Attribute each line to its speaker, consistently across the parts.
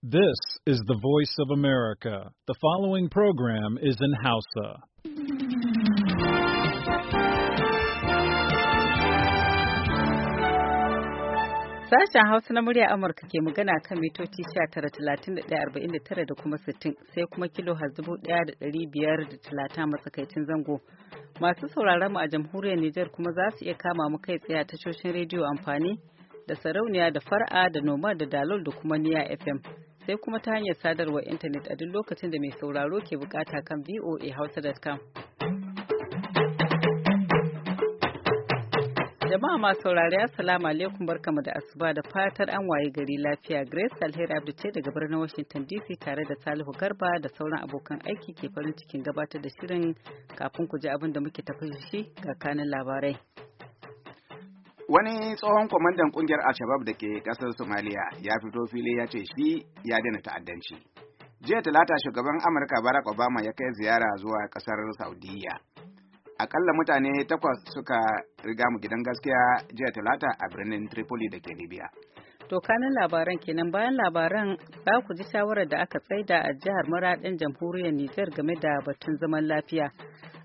Speaker 1: This is the voice of America. The following program is in Hausa. Sashen Hausa na murya Amurka ke magana kan mitoci 19,31,49 da kuma 60 sai kuma kilo talata matsakaicin zango. Masu sauraron mu a jamhuriyar Nijar kuma za su iya kama mu kai tsaye a tashoshin rediyo amfani da sarauniya da far'a da noma da dalol da kuma niya FM. sai kuma ta hanyar sadarwar intanet a duk lokacin da mai sauraro ke bukata kan voahausa.com. Jama'a masu saurari Assalamu alaikum barkamu da asuba da fatar an waye gari lafiya Grace Alheri Abdu ce daga birnin Washington DC tare da Salihu Garba da sauran abokan aiki ke farin cikin gabatar da shirin kafin ku ji abin da muke tafi shi ga kanin labarai.
Speaker 2: Wani tsohon kwamandan kungiyar Al-Shabab da ke kasar Somaliya ya fito fili ya ce shi ya daina ta'addanci. Jiya talata shugaban Amurka Barack Obama ya kai ziyara zuwa kasar Saudiya. Akalla mutane takwas suka riga mu gidan gaskiya jiya talata a birnin Tripoli da ke Libya.
Speaker 1: To kanin labaran kenan bayan labaran za ku ji shawarar da aka tsaida a jihar maradin jamhuriyar Nijar game da batun zaman lafiya.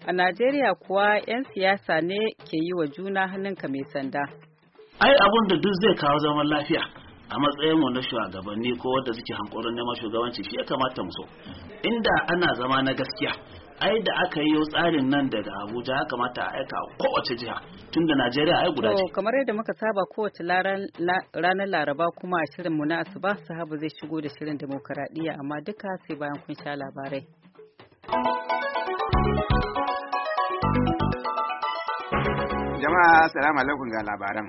Speaker 1: A Najeriya kuwa 'yan siyasa ne ke yi wa juna hannun ka mai sanda.
Speaker 3: Ai abun da duk zai kawo zaman lafiya a matsayin mu na shugabanni ko wanda suke hankoron neman shugabanci shi ya kamata mu so. Inda ana zama na gaskiya ai da aka yi tsarin nan daga Abuja ya kamata a aika kowace jiha tun da Najeriya ai guda ce.
Speaker 1: kamar yadda muka saba kowace ranar Laraba kuma a shirin mu na asuba sahabu zai shigo da shirin demokaradiyya amma duka sai bayan kun sha labarai. Jama'a assalamu
Speaker 2: alaikum ga labaran.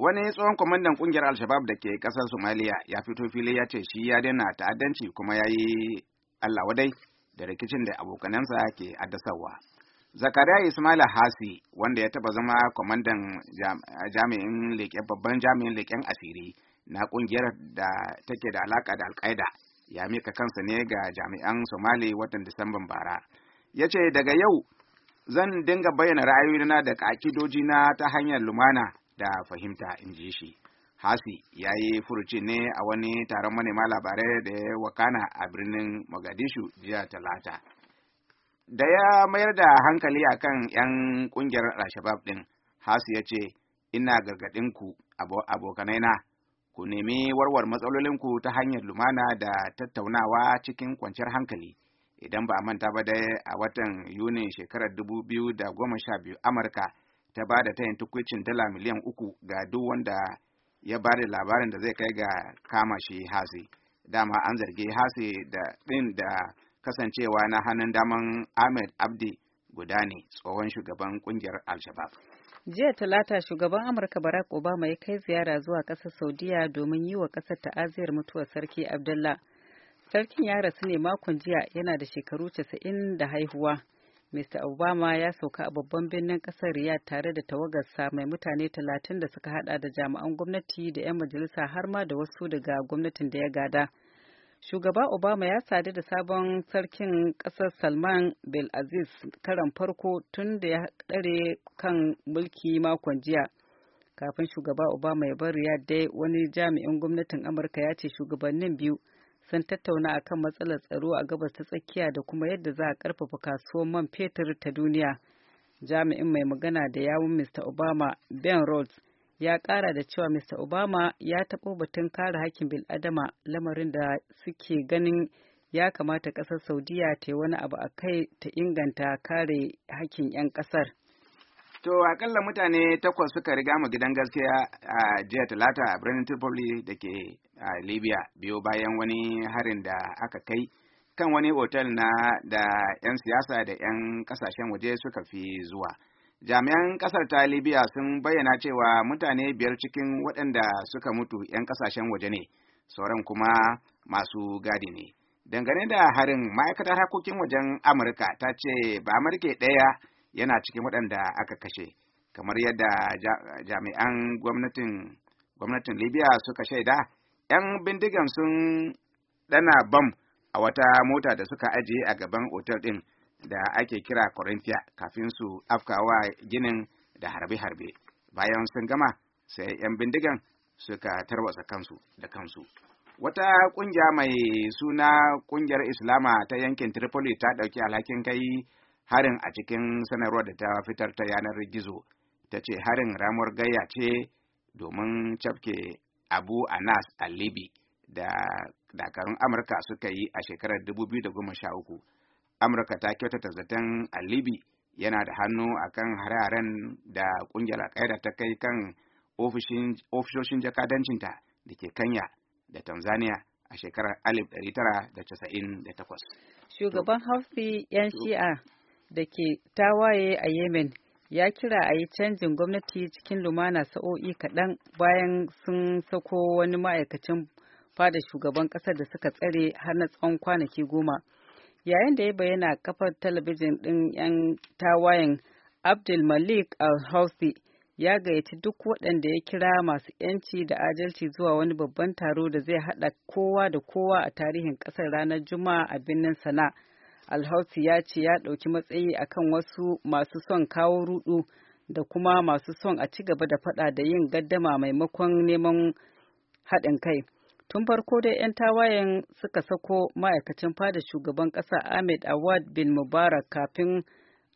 Speaker 2: Wani tsohon kwamandan kungiyar al shabab da ke kasar somaliya ya fito fili ya ce shi ya daina ta'addanci kuma ya yi Allah wadai da rikicin da abokanansa ke addasarwa. Zakariya ismail Hasi wanda ya taba zama kwamandan jami'in leƙen babban jami'in leƙen asiri na kungiyar da take da alaka da alkaida ya mika kansa ne ga jami'an Somali watan Disamban bara. Ya ce daga yau zan dinga bayyana ra'ayoyina da na ta hanyar lumana da fahimta in ji shi hasi ya yi furuci ne a wani taron manema labarai da ya wakana a birnin mogadishu jiya talata da ya mayar da hankali akan 'yan ƙungiyar Rashabab ɗin, hasi ya ce ina gargaɗinku abokanaina ku nemi warwar matsalolinku ta hanyar lumana da tattaunawa cikin kwanciyar hankali idan ba a manta ba dai a watan yunin shekarar dubu goma sha biyu amurka ta ba da tayin tukwicin dala miliyan uku ga duk wanda ya ba da labarin da zai kai ga kama shi hasi dama an zargi hasi da ɗin da kasancewa na hannun daman ahmed abdi guda ne tsohon shugaban kungiyar al-shabab
Speaker 1: jiya talata shugaban amurka barack obama ya kai ziyara zuwa ƙasar saudiya domin yi wa ƙasar ta'aziyar mutuwar sarki abdullah Sarkin ya rasu ne makon jiya yana da shekaru 90 da haihuwa. Mr. Obama ya sauka a babban birnin kasar riyad tare da tawagarsa mai mutane talatin da suka hada da jami'an gwamnati da 'yan majalisa har ma da wasu daga gwamnatin da ya gada. Shugaba Obama ya sadu da sabon sarkin kasar Salman bil Aziz karan farko tun da ya dare kan mulki makon jiya. Kafin shugaba Obama ya bar riyad dai wani jami'in gwamnatin Amurka ya ce shugabannin biyu sun tattauna kan matsalar tsaro a gabas ta tsakiya da kuma yadda za a karfafa kasuwar man fetur ta duniya jami'in mai magana da yawun mr obama ben rhodes ya kara da cewa mr obama ya taɓo batun kare hakkin bil'adama lamarin da suke ganin ya kamata ƙasar saudiya ta yi wani abu a kai ta inganta kare hakkin 'yan ƙasar
Speaker 2: To akalla mutane takwas suka riga mu gidan gaskiya a jiya talata a birnin Tripoli da ke a Libya biyo bayan wani harin da aka kai kan wani otal na da 'yan siyasa da 'yan kasashen waje suka fi zuwa. Jami'an kasar ta Libya sun bayyana cewa mutane biyar cikin waɗanda suka mutu 'yan kasashen waje ne, sauran kuma masu gadi ne. Dangane da harin ma'aikatar hakokin wajen Amurka ta ce ba Amurka ɗaya yana cikin waɗanda aka kashe kamar yadda jami'an gwamnatin gwamnatin libya suka shaida 'yan bindigan sun ɗana bam a wata mota da suka ajiye a gaban otel ɗin da ake kira Corinthia kafin su afkawa ginin da harbe-harbe bayan sun gama sai 'yan bindigan suka tarwatsa kansu da kansu wata ƙungiya mai suna ƙungiyar islama ta yankin tripoli ta ɗauki alhakin kai harin a cikin sanarwar da ta fitar ta yanar gizo ta ce harin ramuwar gayya ce domin cafke abu anas a libi da dakarun amurka suka yi a shekarar 2013 amurka ta kyautata zaton a libi yana da hannu a kan hare-haren da kungiyar al ta kai kan ofishoshin jakadancinta da ke kanya da tanzania a shekarar 1998.
Speaker 1: Shugaban haufi 'yan shi'a da ke tawaye a Yemen ya kira a yi canjin gwamnati cikin lumana sa'o'i kaɗan bayan sun sako wani ma'aikacin fada shugaban ƙasar da suka tsare har na tsawon kwanaki goma. Yayin da ya bayyana kafar talabijin ɗin 'yan tawayen Abdul Malik Al-Houthi ya gayyaci duk waɗanda ya kira masu 'yanci da ajalci zuwa wani babban taro da zai haɗa kowa da kowa a tarihin ƙasar ranar Juma'a a birnin Sana'a. alhausi ya ce ya ɗauki matsayi akan wasu masu son kawo rudu da kuma masu son a ci gaba da fada da yin gaddama maimakon neman haɗin kai tun farko dai 'yan tawayen suka sako ma'aikacin fada shugaban ƙasa ahmed awad bin mubarak kafin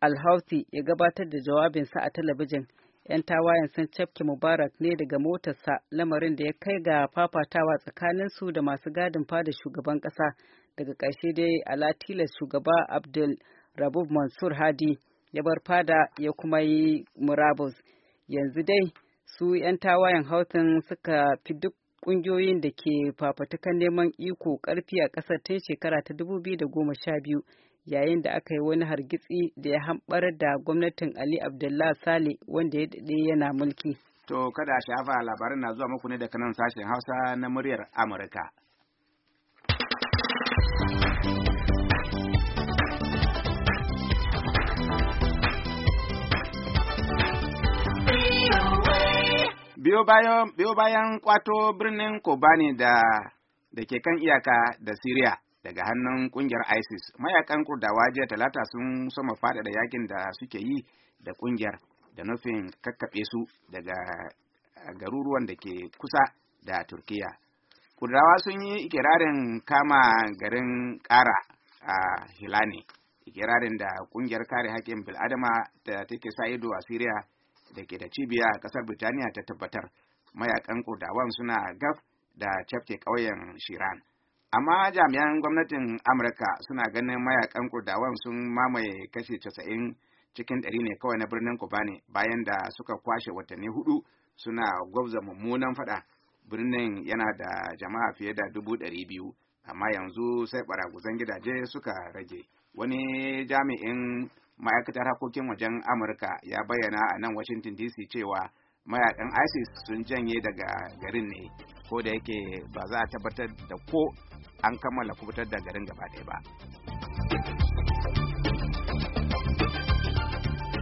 Speaker 1: alhausi ya gabatar da jawabinsa a talabijin 'yan tawayen sun cafke mubarak ne daga motarsa lamarin da ya kai ga fafatawa tsakaninsu da masu gadin fada shugaban ƙasa daga ƙarshe dai ala shugaba abdul rabub mansur hadi ya bar fada ya kuma yi murabus yanzu dai su 'yan tawayen hautin suka fi duk ƙungiyoyin da ke fafatukan neman iko karfi a ƙasar tun shekara ta 2012 yayin da aka yi wani hargitsi da ya hambar da gwamnatin ali abdullah sale wanda ya daɗe yana mulki
Speaker 2: to kada shafa labarin na zuwa muku ne da kanan sashen hausa na muryar amurka biyo bayan biyo kwato birnin Kobani da da ke kan iyaka da Siriya daga hannun kungiyar ISIS mayakan Kurdawa jiya talata sun soma faɗaɗa yakin da suke yi da kungiyar da nufin kakkaɓe su daga garuruwan da ke kusa da Turkiyya. Kurdawa sun yi ikirarin kama garin Kara a Hilani, ikirarin da kungiyar kare haƙƙin bil'adama da take sa ido a Siriya da ke da cibiya a ƙasar Birtaniya ta tabbatar. Mayakan Kurdawan suna gaf da cafke ƙauyen Shiran. Amma jami'an gwamnatin Amurka suna ganin mayakan Kurdawan sun mamaye kashi casa'in cikin ɗari ne kawai na birnin Kobane bayan da suka kwashe watanni hudu suna gwabza mummunan faɗa birnin yana da jama'a fiye da dubu ɗari biyu amma yanzu sai baraguzan gidaje suka rage wani jami'in ma'aikatar harkokin wajen amurka ya bayyana a nan washington dc cewa mayakan isis sun janye daga garin ne ko da yake ba za a tabbatar da ko
Speaker 1: an kammala kubutar da garin gaba ɗaya ba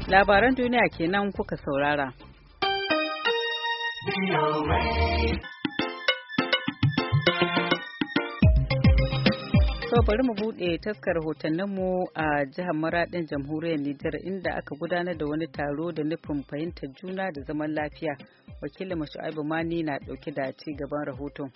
Speaker 1: labaran duniya kenan kuka saurara. To bari mu buɗe taskar hotonninmu a jihar Maraɗin jamhuriyar Nijar inda aka gudanar da wani taro da nufin fahimtar juna da zaman lafiya. Wakilin abu Mani na ɗauke da ci gaban rahoton.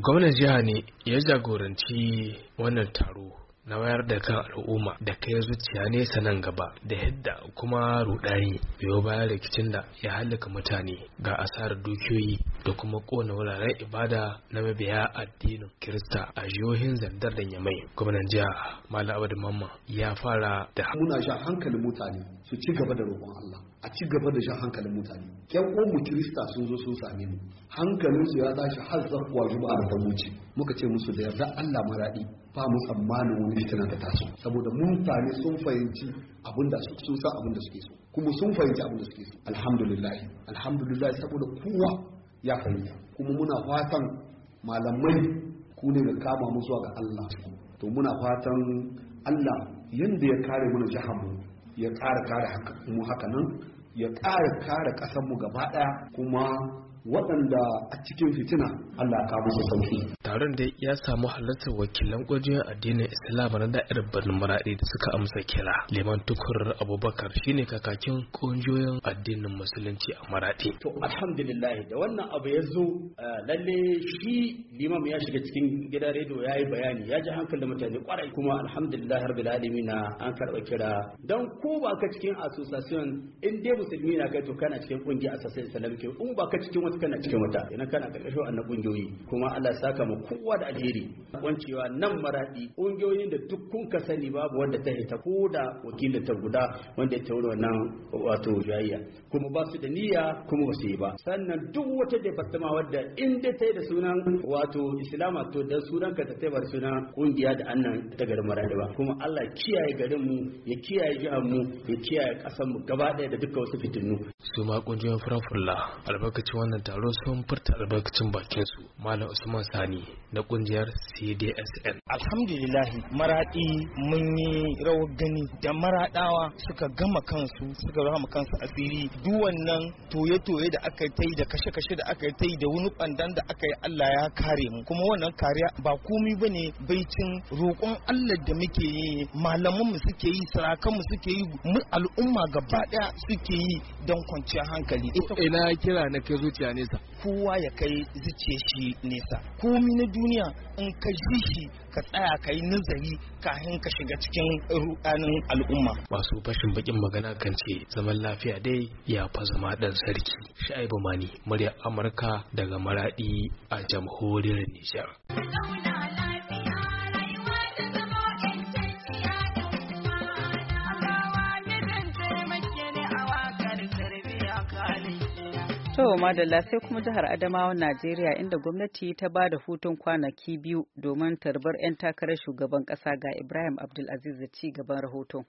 Speaker 4: Gwamnan jiha ne ya jagoranci wannan taro na wayar da kan al'umma da kai zuciya nesa nan gaba da yadda kuma rudani biyo bayan rikicin da ya halaka mutane ga asarar dukiyoyi da kuma kona wuraren ibada na mabiya addinin kirista a jihohin zandar da yamai gwamnan jiya malam mamman mamma ya fara da muna sha
Speaker 5: hankalin mutane su ci gaba da roƙon allah a ci gaba da shan hankalin mutane ƙyan mu kirista sun zo sun same mu hankalinsu ya tashi har zakkuwa juma'a da ta muka ce musu da yarda Allah maraɗi ba mu tsammanin wani fitina da taso saboda mutane sun fahimci abin da sun sa abin suke so kuma sun fahimci abin da suke so alhamdulillah alhamdulillah saboda kowa ya fahimta kuma muna fatan malamai ku ne da kama mu zuwa ga Allah to muna fatan Allah yanda ya kare mana jihar mu ya ƙara kare mu haka nan ya ƙara kare ƙasarmu gaba ɗaya kuma waɗanda a cikin fitina Allah ka musu sauki.
Speaker 4: Taron da ya samu halartar wakilan ƙungiyar addinin Islam na dair Birnin Maraɗi da suka amsa kira. Liman Tukur Abubakar shine kakakin ƙungiyoyin addinin Musulunci a Maraɗi. To
Speaker 3: alhamdulillah da wannan abu ya zo eh, lalle shi limam ya shiga cikin gidan rediyo ya yi bayani ya ji da mutane kwarai kuma alhamdulillah rabbil alamin an karɓa kira dan ko ba ka cikin association in dai musulmi na kai to kana cikin ƙungiyar association Islam ke in ba ka cikin duk kana cikin wata idan kana karkashin wannan kungiyoyi kuma Allah saka mu kowa da alheri kwancewa nan maradi kungiyoyin da duk kun ka sani babu wanda ta ita ko da wakilin ta guda wanda ta wuri wannan wato jayya kuma ba su da niyya kuma ba su yi ba sannan duk wata da fatima wadda in dai ta yi da sunan wato islama to da sunan ka ta taibar suna kungiya da annan ta garin maradi ba kuma Allah kiyaye garin mu ya kiyaye jihar mu ya kiyaye kasar mu gaba ɗaya da dukkan wasu fitinu
Speaker 4: su ma kungiyoyin furan albarkacin wannan taro sun furta albarkacin bakin su malam usman sani na kungiyar cdsn alhamdulillah maradi mun yi rawar gani da maradawa suka gama kansu suka rama kansu asiri duk wannan toye-toye da aka yi da kashe-kashe da aka yi da wani bandan da aka yi Allah ya kare mu kuma wannan kariya ba komai bane baicin roƙon Allah da muke yi malaman mu suke yi sarakan mu suke yi mu al'umma gaba daya suke yi don kwanciyar hankali ina kira na kai zuciya nesa kowa ya kai zuce shi nesa komi na duniya in ka ji shi ka tsaya ka yi nazari kafin ka shiga cikin rukanin al'umma masu fashin bakin magana kan ce zaman lafiya dai ya fa zama dan sarki sha'ibu mani murya amurka daga maradi a jamhuriyar nijar
Speaker 1: To madalla sai kuma jihar Adamawa Najeriya inda gwamnati ta ba da hutun kwanaki biyu domin tarbar 'yan takarar shugaban ƙasa ga Ibrahim Abdulaziz da ci gaban rahoton.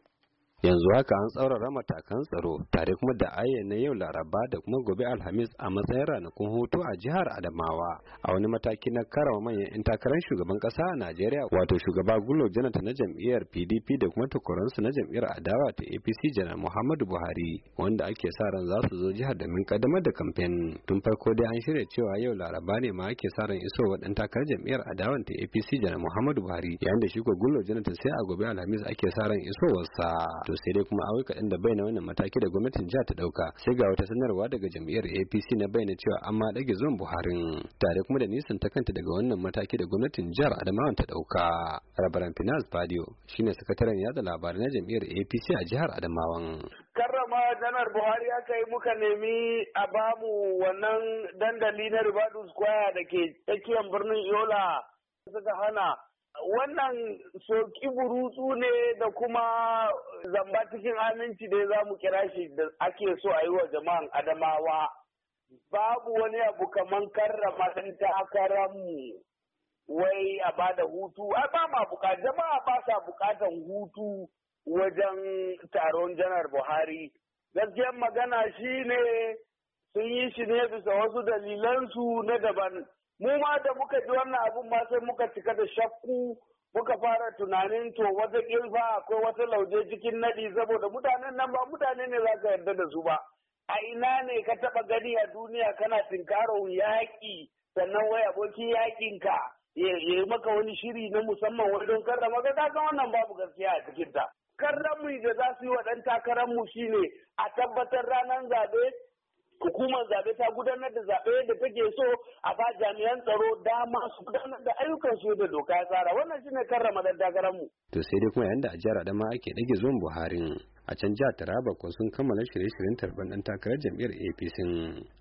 Speaker 6: yanzu
Speaker 7: haka an tsaurara matakan tsaro tare kuma da ayyana yau laraba da kuma gobe alhamis a matsayin ranakun hutu a jihar adamawa a wani mataki na karawa manyan 'yan takarar shugaban kasa a najeriya wato shugaba gulo janata na jam'iyyar pdp da kuma takwaransu na jam'iyyar adawa ta apc janar muhammadu buhari wanda ake sa ran za su zo jihar da domin kaddamar da kamfen tun farko dai an shirya cewa yau laraba ne ma ake sa ran iso dan takarar jam'iyyar Adawa ta apc janar muhammadu buhari yayin da shi ko gulo janata sai a gobe alhamis ake sa ran isowarsa sai dai kuma awai kaɗan da bayyana wannan mataki da gwamnatin jiha ta ɗauka sai ga wata sanarwa daga jam'iyyar apc na bayyana cewa an ma ɗage zuwan Buhari. tare kuma da nisan ta kanta daga wannan mataki da gwamnatin jihar adamawa ta ɗauka rabaran finance badio shine sakataren yada labarai na jam'iyyar apc a jihar adamawan
Speaker 5: karrama janar buhari aka yi muka nemi a bamu wannan dandali na ribadu square da ke tsakiyar birnin yola suka hana wannan soki burutsu ne da kuma zamba cikin aminci da za mu kira shi da ake so a yi wa jama'an adamawa babu wani abu kaman karrama ɗan takararmu wai a ba da hutu a ba ma bukata jama'a ba sa bukatan hutu wajen taron janar buhari gaskiyar magana shi ne sun yi shi ne bisa wasu dalilansu na daban mu ma da muka ji wannan abun ma sai muka cika da shakku muka fara tunanin to wata kilfa akwai wata lauje cikin nadi saboda mutanen nan ba mutane ne za ka yarda da su ba a ina ne ka taba gani a duniya kana tinkarar yaƙi sannan wai abokin ka ya yi maka wani shiri na musamman wajen karrama ga wannan babu gaskiya a cikin ta karramu da za su yi wa ɗan mu shine a tabbatar ranar zaɓe hukumar Zabe ta gudanar da zaɓe da take so a ba jami'an tsaro dama su gudanar da ayyukan su da doka ya tsara wannan shine karrama daddagaran mu
Speaker 7: to sai dai kuma yanda a jihar Adama ake dage zuwan Buhari a can jihar Taraba ko sun kammala shirye-shiryen tarban dan takarar jam'iyyar APC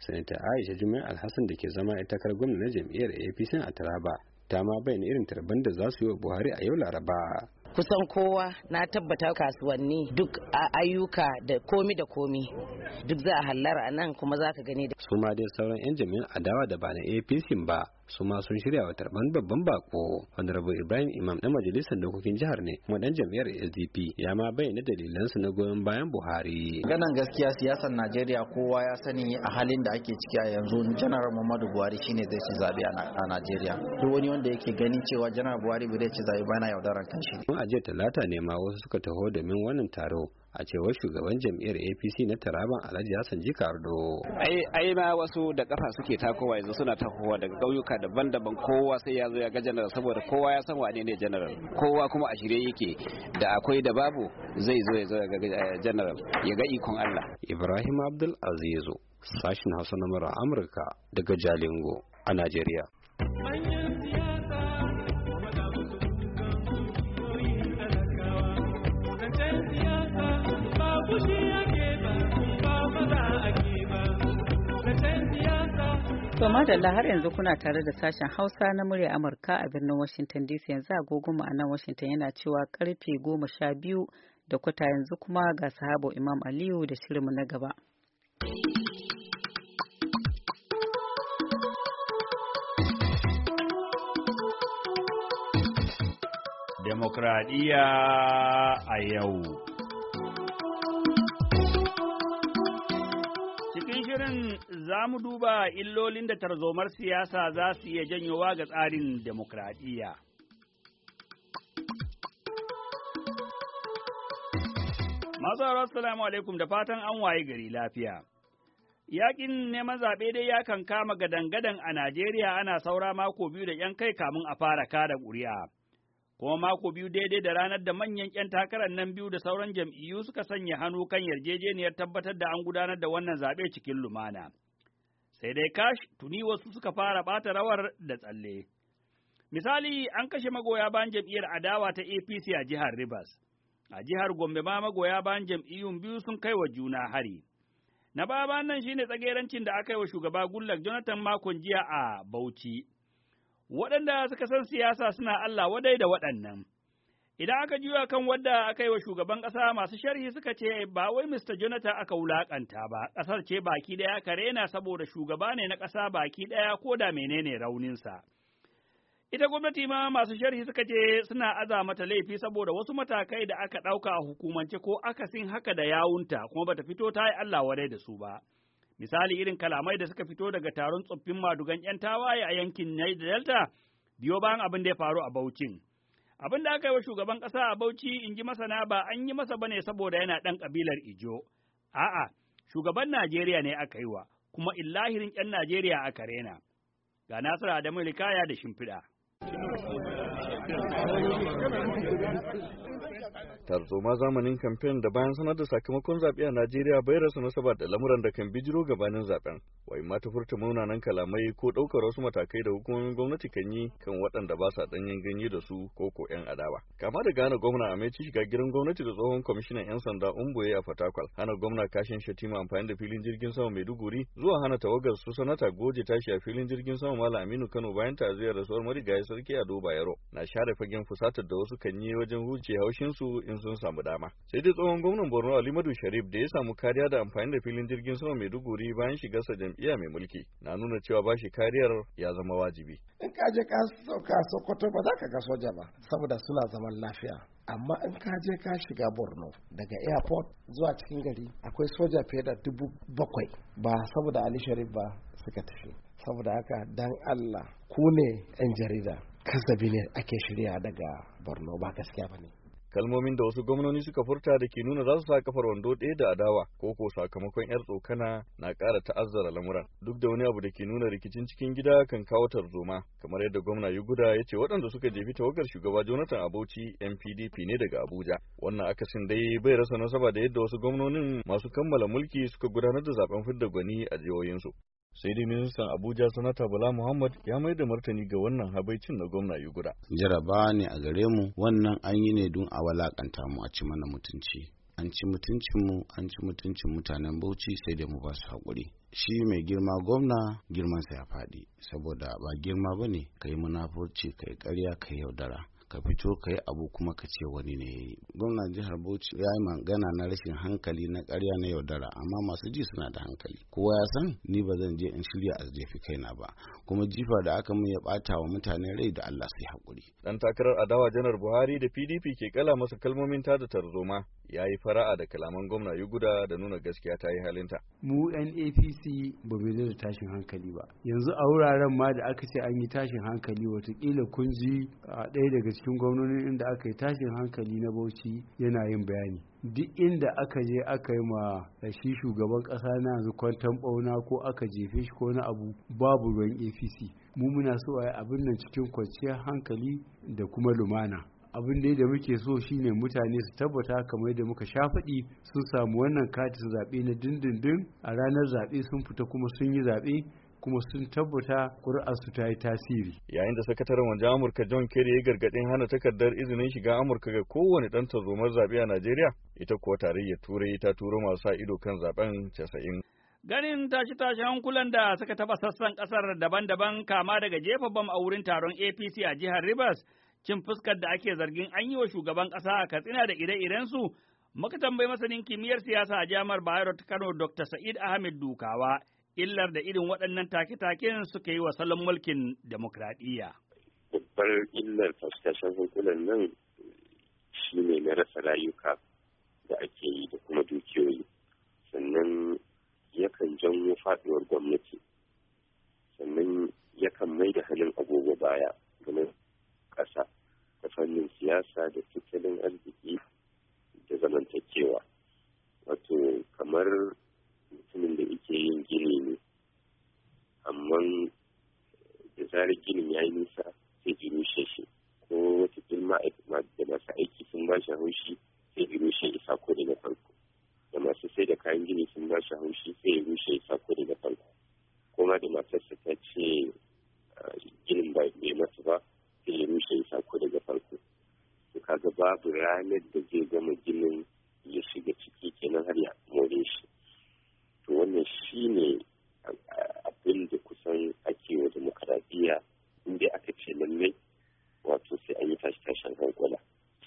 Speaker 7: sanata Aisha Jumai Alhassan da ke zama ita takarar gwamna na jam'iyyar APC a Taraba ta ma bayyana irin tarban da za su yi wa Buhari a yau Laraba
Speaker 1: kusan kowa na tabbata kasuwanni duk a ayyuka da komi da komi duk za a hallara a nan kuma za ka gani da su
Speaker 7: ma dai sauran 'yan jami'an adawa da ba na apc ba su ma sun shirya wa tarban babban bako honorable ibrahim imam na majalisar dokokin jihar ne kuma dan jam'iyyar sdp ya ma bayyana su na goyon bayan buhari ganin gaskiya siyasar najeriya kowa ya sani a halin da ake ciki a yanzu janar muhammadu buhari shine zai ci zabe a najeriya duk wani wanda yake ganin cewa janar buhari bai zai ci zabe ba na yaudaran kanshi a jiya talata ne ma wasu suka taho domin wannan taro a cewar shugaban jam'iyyar apc na taraban alhaji hassan jikardo
Speaker 3: ai ma wasu da kafa suke takowa yanzu suna takowa daga ƙauyuka daban-daban kowa sai ya zo ya ga janaral saboda kowa ya
Speaker 7: san wane ne janaral kowa kuma a shirye yake da akwai da babu zai zo ya zo ya ga eh, ya ga ikon allah ibrahim abdul azizu sashin hausa na amurka daga jalingo a najeriya
Speaker 1: To madalla har yanzu kuna tare da sashen Hausa na murya Amurka a birnin Washington DC yanzu agogonmu a nan Washington yana cewa karfe goma sha biyu da kwata yanzu kuma ga sahabo Imam Aliyu da shirinmu na gaba.
Speaker 3: Demokradiyya a yau. shirin za mu duba illolin da tarzomar siyasa za su iya janyowa ga tsarin demokradiyya. Masu haro salamu alaikum da fatan an waye gari lafiya. Yaƙin neman zaɓe dai ya kan kama gadan-gadan a Najeriya ana saura mako biyu da ‘yan kai kamun a fara kada ƙuri'a. kuma mako biyu daidai da ranar da manyan 'yan takarar nan biyu da sauran jam'iyyu suka sanya hannu kan yarjejeniyar tabbatar da an gudanar da wannan zaɓe cikin lumana. Sai dai kash tuni wasu suka fara ɓata rawar da tsalle. Misali an kashe magoya bayan jam'iyyar adawa ta APC a jihar Rivers. A jihar Gombe ma magoya bayan jam'iyyun biyu sun kai wa juna hari. Na baya nan shine tsagerancin da aka yi wa shugaba Gullak Jonathan makon jiya a Bauchi. waɗanda suka san siyasa suna Allah wadai da waɗannan. Idan aka juya kan wadda aka yi wa shugaban ƙasa masu sharhi suka ce ba wai Mr. Jonathan aka wulaƙanta ba, ƙasar ce baki ɗaya ka rena saboda shugaba ne na ƙasa baki ɗaya ko da menene rauninsa. Ita gwamnati ma masu sharhi suka ce suna aza mata laifi saboda wasu matakai da aka ɗauka a hukumance ko akasin haka da yawunta kuma bata fito ta yi Allah wadai da su ba. Misali irin kalamai da suka fito daga taron tsoffin madugan 'yan tawaye a yankin da Delta biyo bayan abin da ya faru a Bauchi. Abin da aka yi wa shugaban ƙasa a Bauchi in ji masana ba an yi masa bane saboda yana ɗan ƙabilar Ijo. A'a, shugaban Najeriya ne aka yi wa, kuma illahirin 'yan Najeriya aka rena. Ga Nasiru Adamu likaya da Shimfiɗa.
Speaker 8: tarzoma zamanin kamfen da bayan sanar da sakamakon zaɓe a Najeriya bai rasa nasaba da lamuran da kan bijiro gabanin zaɓen. Wai ma ta furta munanan kalamai ko ɗaukar wasu matakai da hukumomin gwamnati kan yi kan waɗanda ba sa ɗanyen ganye da su ko ko 'yan adawa. Kama da gane gwamna a maici shiga gidan gwamnati da tsohon kwamishinan 'yan sanda Umboye a Fatakwal, hana gwamna kashin shatima amfani da filin jirgin sama Maiduguri zuwa hana tawagar su sanata goje tashi a filin jirgin sama Malam Aminu Kano bayan ta ziyarar rasuwar marigayi Sarki Ado Bayero na share fagen fusatar da wasu kan yi wajen huce haushinsu in sun samu dama. Sai dai tsohon gwamnan Borno Alimadu Sharif da ya samu kariya da amfani da filin jirgin sama mai duguri bayan shiga sa jam'iyya mai mulki na nuna cewa ba shi kariyar ya zama wajibi.
Speaker 4: In ka je ka sauka Sokoto ba za ka ga soja ba saboda suna zaman lafiya. amma in ka je ka shiga borno daga airport
Speaker 7: zuwa cikin gari akwai soja fiye da dubu bakwai ba saboda ali sharif ba suka tafi
Speaker 8: saboda haka dan allah
Speaker 7: ku ne 'yan jarida kasabi ne ake shirya
Speaker 8: daga borno ba gaskiya ba ne kalmomin da wasu gwamnoni suka furta da ke nuna za su sa kafar wando ɗaya da adawa ko ko sakamakon yar tsokana na ƙara ta'azzara lamuran duk da wani abu da ke nuna rikicin cikin gida kan kawo tarzoma kamar yadda gwamna yuguda ya ce waɗanda suka jefi tawagar shugaba jonathan abuchi npdp ne daga abuja wannan akasin dai bai rasa nasaba da yadda wasu gwamnonin masu kammala mulki suka gudanar da zaben fidda gwani a jihohinsu sai dai ministan abuja sanata bala muhammad ya mai da martani ga wannan habaicin na gwamna guda.
Speaker 7: jaraba
Speaker 2: ne a gare mu wannan an yi ne don a walakanta mu a ci mana mutunci an ci mu an ci mutuncin mutanen bauchi sai dai mu ba su haƙuri shi mai girma gwamna girmansa ya faɗi saboda ba girma ba ne ka yi munafurci ka yi ƙarya ka yi yaudara ka fito ka yi abu kuma ka ce wani ne ya yi gwamnan jihar bauchi ya yi magana na rashin hankali na karya na yaudara amma masu ji suna da hankali kowa ya san ni ba zan je in shirya a jefi kaina ba kuma jifa da aka mun ya bata wa mutane rai da Allah sai hakuri
Speaker 8: dan takarar adawa janar Buhari da PDP ke kala masa kalmomin tada tarzoma ya yi fara'a da kalaman gwamna yuguda da nuna gaskiya ta yi halinta.
Speaker 7: mu yan apc ba bai da tashin hankali ba yanzu a wuraren ma da aka ce an yi tashin hankali watakila kun ji a ɗaya daga cikin gwamnonin inda aka yi tashin hankali na bauchi yana yin bayani duk inda aka je aka yi ma eh, shi shugaban ƙasa na yanzu kwantan ɓauna ko aka jefe shi ko na abu babu ruwan apc mu muna so a yi abin nan cikin kwanciyar hankali da kuma lumana abin da da muke so shine mutane su tabbata kamar yadda muka sha faɗi sun samu wannan katin zaɓe na dindindin a ranar zaɓe sun fita kuma sun yi zaɓe kuma sun tabbata ƙuri'arsu ta yi tasiri.
Speaker 8: Yayin da sakataren wajen Amurka John Kerry ya gargaɗin hana takardar izinin shiga Amurka ga kowane ɗan tarzomar zaɓe a Najeriya, ita kuwa tarayyar Turai ta turo masu sa ido kan zaɓen casa'in.
Speaker 3: Ganin tashi tashi hankulan da suka taɓa sassan ƙasar daban-daban kama daga jefa bam a wurin taron APC a jihar Rivers cin fuskar da ake zargin an yi wa shugaban ƙasa a Katsina da ire-irensu, muka tambayi masanin kimiyyar siyasa a jami'ar Bayero ta Kano Dr. Sa'id Ahmed Dukawa, illar da irin waɗannan take take suka yi wa salon mulkin demokradiyya.
Speaker 9: Babbar illar fuskashen hukunan nan shi ne na rasa rayuka da ake yi da kuma dukiyoyi, sannan yakan janyo faɗuwar gwamnati, sannan yakan mai da halin agogo baya game ƙasa ta fannin siyasa da tattalin arziki da zamantakewa wato kamar mutumin da yake yin gini ne amma da zarar ginin ya yi nisa sai ki rushe shi ko wata da masu aiki sun ba shi haushi sai ki rushe isa ko da na farko da masu sai da kayan gini sun ba shi haushi sai ya rushe isa ko da na farko kuma da matarsa ta ce ah, ginin bai mata ba ya rushe sako daga farko to kaga babu ranar da zai gama ginin ya shiga ciki kenan har ya more shi to wannan shi ne abin da kusan ake wa demokaradiyya inda aka ce lallai wato sai an yi tashi tashin hankula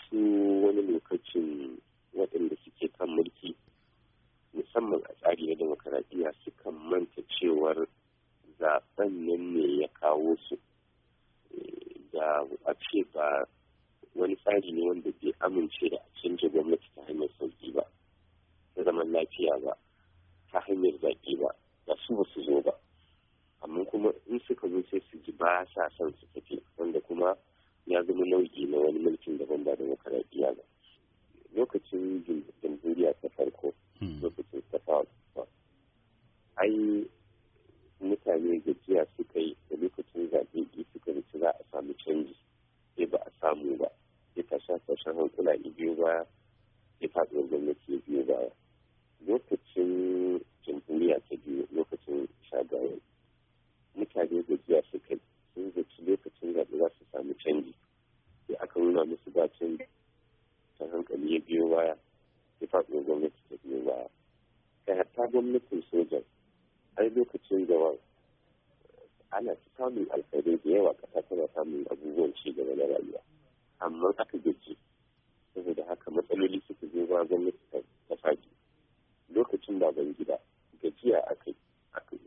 Speaker 9: su wani lokacin waɗanda suke kan mulki musamman a tsari na demokaradiyya sukan manta cewar zaɓen nan ne ya kawo su a ce ba wani tsari ne wanda bai amince da canje gwamnati ta hanyar sauki ba ta zaman lafiya ba ta hanyar zaƙi ba ba su ba su zo ba amma kuma in suka zo sai su ji ba sa son su tafi wanda kuma ya zama nau'i na wani mulkin daban ba demokaradiyya ba lokacin jamhuriya ta farko hmm. lokacin ta ai mutane gajiya suka yi da lokacin zaɓe ki suka rufe za a samu canji sai ba a samu ba sai ta sha tashen hankula ya biyo baya sai faɗuwar gwamnati ya biyo baya lokacin jamhuriya ta biyu lokacin shagaye mutane gajiya suka yi sun zaci lokacin zaɓe za su samu canji sai aka nuna musu ba canji ta hankali ya biyo baya sai faɗuwar gwamnati ta biyo baya kai hatta gwamnatin sojan ai lokacin da ana samun alkhairai da yawa ƙasa tana samun abubuwan ci gaba na rayuwa amma aka gaji saboda haka matsaloli suka zo ba gwamnati ta fasaki lokacin da ban gida gajiya aka aka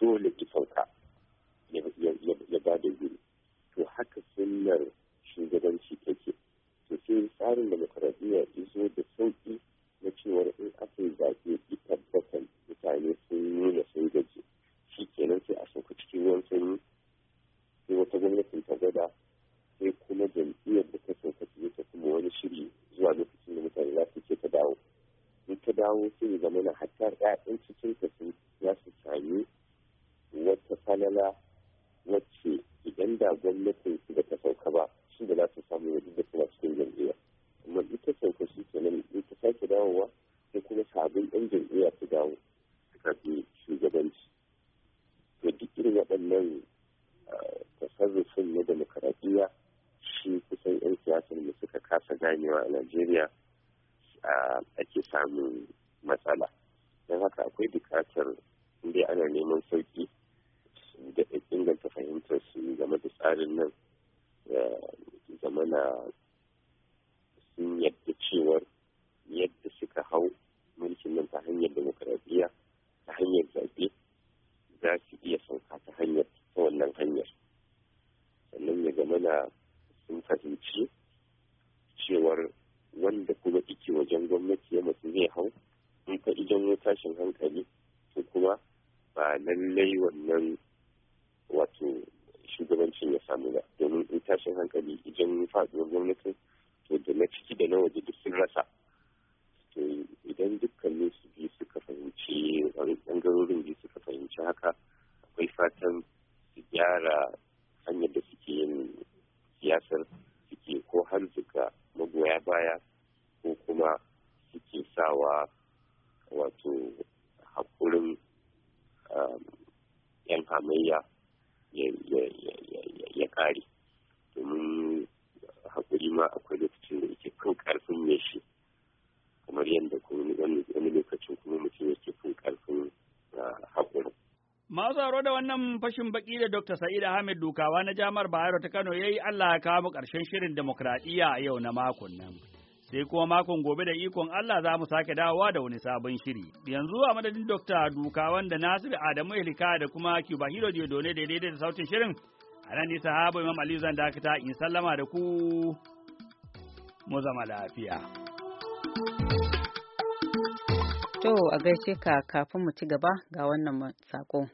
Speaker 9: dole ki sauka ya ba da guri to haka sunnar shugabanci take to sai tsarin ya izo da sauki na cewar in aka yi zaɓe ki tabbatar mutane sun nuna sun gaji shi kenan sai a sauka cikin ruwan sanyi sai wata gwamnatin ta gada sai kuma jam'iyyar da ta sauka cikin ta kuma wani shiri zuwa lokacin da mutane za su ce ta dawo in ta dawo sai ya zama na hatta ƴaƴan cikin ta sun za su sami wata falala wacce idan da gwamnatin su da ta sauka ba shi da za su samu wajen da kuma cikin jam'iyyar kuma ita sauka shi kenan in ta sake dawowa sai kuma sabon yan jam'iyya ta dawo su karbi shugabanci to duk irin waɗannan eh, tasarrufin na demokaradiyya shi kusan yan siyasar ne suka kasa ganewa a najeriya ake samun matsala don haka akwai bukatar inda ana neman sauki da inganta fahimtar su game da tsarin nan eh, zamana sun yadda cewar yadda suka hau mulkin nan ta hanyar demokaradiyya ta hanyar zaɓe za su iya sauka ta hanyar ta wannan hanyar sannan ya zama na sun fahimci cewar wanda kuma ike wajen gwamnati ya mutu zai hau in ka idan tashin hankali ko kuma ba lallai wannan wato shugabancin ya samu ba domin in tashin hankali idan faɗuwar gwamnatin na ciki da na waje duk sun rasa to idan dukkanin su biyu suka fahimci ɓangarorin biyu suka fahimci haka akwai fatan su gyara hanyar da suke yin siyasar suke ko har suka magoya baya ko kuma suke sawa wato haƙurin um, yan hamayya ya ƙare domin haƙuri ma akwai da
Speaker 3: sauraro da wannan fashin baki da Dr. Sa'id Ahmed Dukawa na Jamar Bayero ta Kano yayi Allah ya kawo mu ƙarshen shirin demokradiyya a yau na makon nan. Sai kuma makon gobe da ikon Allah za mu sake dawowa da wani sabon shiri. Yanzu a madadin Dr. Dukawan da Nasiru Adamu Elika da kuma Cuba Hiro Diodone da daidai da sautin shirin. A nan ne sahaba Imam Ali zan dakata in sallama
Speaker 1: da ku mu zama lafiya. To a gaishe ka kafin mu ci gaba ga wannan sako.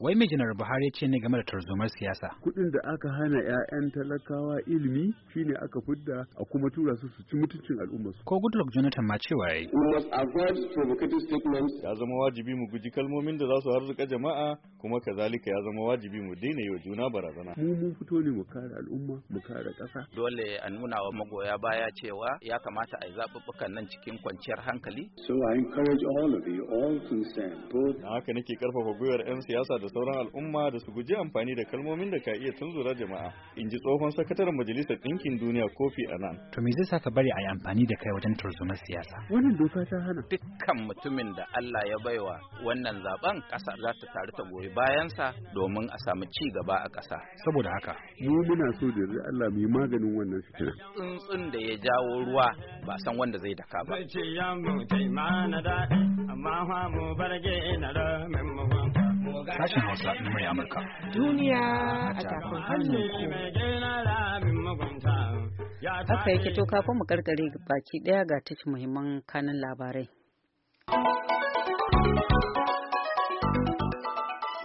Speaker 7: Wai mai janar Buhari ya ce ne game da tarzomar siyasa.
Speaker 1: Kuɗin da aka hana 'ya'yan talakawa
Speaker 5: ilimi shine aka fidda a kuma tura su su ci mutuncin al'umma Ko Goodluck Jonathan ma cewa
Speaker 3: yayi.
Speaker 8: We must avoid provocative statements. Ya zama wajibi mu guji kalmomin da za su harzuka jama'a kuma kazalika ya zama wajibi mu daina yi wa juna barazana. Mu mun fito ne mu kare al'umma mu kare ƙasa.
Speaker 2: Dole a nuna wa magoya baya cewa ya kamata a yi zaɓuɓɓukan nan cikin kwanciyar
Speaker 8: hankali. So I encourage all of you all to stand. Both... Na haka nake karfafa gwiwar 'yan siyasa da da sauran al'umma da su guji amfani da kalmomin da ka iya tunzura jama'a in ji tsohon sakataren majalisar ɗinkin duniya kofi nan.
Speaker 7: to me zai saka bari a yi amfani da kai wajen tarzomar siyasa wannan
Speaker 2: doka ta hana dukkan mutumin da Allah ya baiwa wannan zaben ƙasa za ta taru ta goyi bayansa domin a samu ci gaba a ƙasa saboda haka
Speaker 5: mu muna so da Allah mu
Speaker 3: yi maganin wannan fitina
Speaker 2: tsuntsun da ya jawo ruwa ba san wanda zai daka ba ce
Speaker 3: daɗi, amma mu barge ina da mu sashen Hausa na murya Amurka.
Speaker 1: Duniya a tafin hannunku. Haka yake to kafin mu karkare baki daya ga tashi muhimman kanin labarai.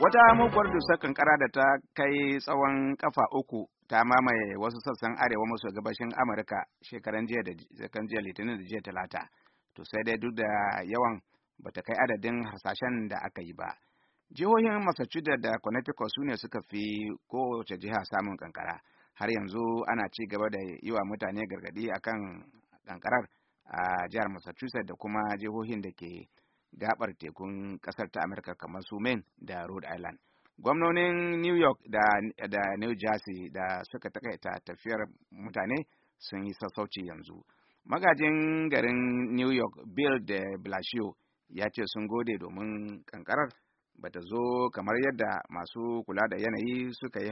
Speaker 2: Wata mugwar dusar kankara da ta kai tsawon kafa uku ta mamaye wasu sassan arewa maso gabashin Amurka shekaran jiya Litinin da jiya Talata. To sai dai duk da yawan bata kai adadin hasashen da aka yi ba. Jihohin Massachusetts da Connecticut su ne suka fi kowace jiha samun kankara. Har yanzu ana ci gaba da yi wa mutane gargadi akan kankarar a jihar Massachusetts da kuma jihohin da ke gabar tekun kasar ta Amurka kamar su Maine da Rhode Island. Gwamnonin New York da, da New Jersey da suka takaita tafiyar mutane sun yi sassauci yanzu. Magajin garin New York Bill de Blasio ya ce sun gode domin kankarar bata zo kamar yadda masu kula da yanayi suka yi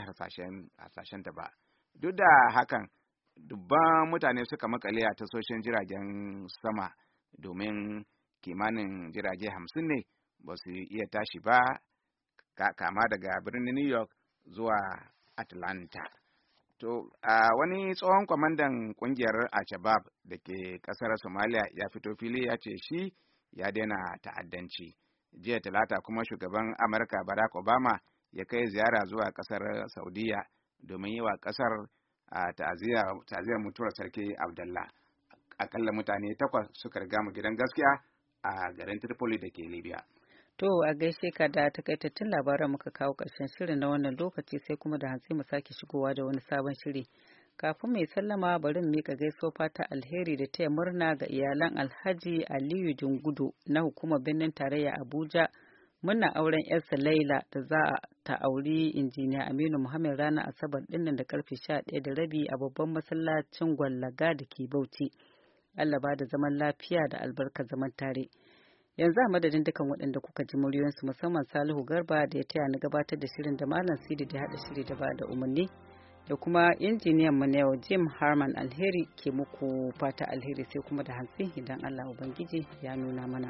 Speaker 2: ta ba duk da hakan dubban mutane suka makale a tasoshin jiragen sama domin kimanin jirage hamsin ne ba su iya tashi ba kama daga birnin new york zuwa atlanta to a wani tsohon kwamandan kungiyar al-shabab da ke kasar somalia ya fito fili ya ce shi ya daina ta'addanci jiya talata kuma shugaban amurka barack obama ya kai ziyara zuwa kasar saudiya domin yi wa kasar a taziyar mutuwar sarki abdullah akalla mutane takwas suka riga mu gidan gaskiya a garin tripoli da ke libya
Speaker 1: to a gaishe ka da takaitattun labaran muka kawo ƙarshen shirin na wannan lokaci sai kuma da hantsi mu sake shigowa da wani sabon shiri kafin mai sallama bari miƙa gaisuwa fata alheri da taya murna ga iyalan alhaji aliyu jungudu na hukumar birnin tarayya abuja muna auren yarsa laila da za ta auri injiniya aminu muhammad ranar asabar dinnan da karfe 11 da rabi a babban masallacin gwallaga da ke bauchi allah ba da zaman lafiya da albarka zaman tare yanzu a madadin dukan waɗanda kuka ji muryoyinsu musamman salihu garba da ya taya ni gabatar da shirin da malam sidi da haɗa shiri da ba da umarni da kuma injiniyan mu na yau Jim Harman Alheri ke muku fata alheri sai kuma da hansi idan Allah Ubangiji ya nuna mana.